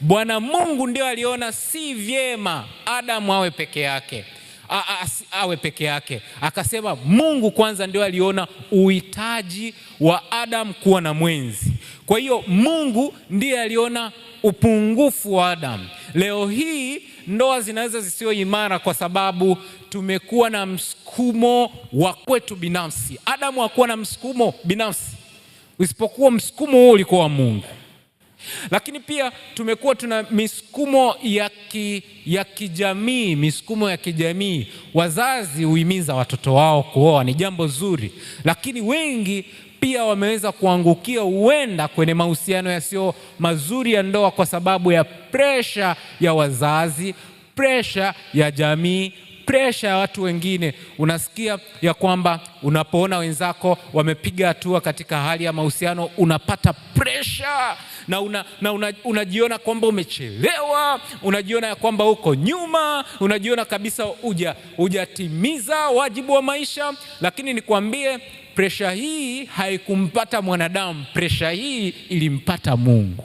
Bwana Mungu ndio aliona si vyema Adamu awe peke yake A, a, awe peke yake. Akasema Mungu kwanza ndio aliona uhitaji wa Adamu kuwa na mwenzi. Kwa hiyo Mungu ndiye aliona upungufu wa Adamu. Leo hii ndoa zinaweza zisiyo imara kwa sababu tumekuwa na msukumo wa kwetu binafsi. Adamu hakuwa na msukumo binafsi, usipokuwa msukumo huo ulikuwa wa Mungu. Lakini pia tumekuwa tuna misukumo ya, ki, ya kijamii, misukumo ya kijamii. Wazazi huhimiza watoto wao kuoa, ni jambo zuri, lakini wengi pia wameweza kuangukia huenda kwenye mahusiano yasiyo mazuri ya ndoa kwa sababu ya presha ya wazazi, presha ya jamii presha ya watu wengine. Unasikia ya kwamba unapoona wenzako wamepiga hatua katika hali ya mahusiano, unapata presha na unajiona una, una, una kwamba umechelewa, unajiona ya kwamba uko nyuma, unajiona kabisa uja hujatimiza wajibu wa maisha. Lakini nikwambie, presha hii haikumpata mwanadamu, presha hii ilimpata Mungu.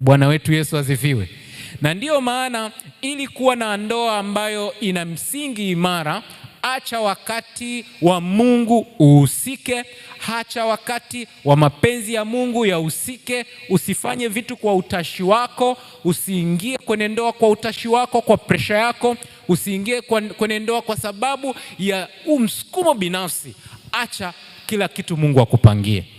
Bwana wetu Yesu asifiwe. Na ndiyo maana ili kuwa na ndoa ambayo ina msingi imara Acha wakati wa Mungu uhusike, acha wakati wa mapenzi ya Mungu yahusike. Usifanye vitu kwa utashi wako, usiingie kwenye ndoa kwa utashi wako, kwa presha yako, usiingie kwenye ndoa kwa sababu ya umsukumo binafsi. Acha kila kitu Mungu akupangie.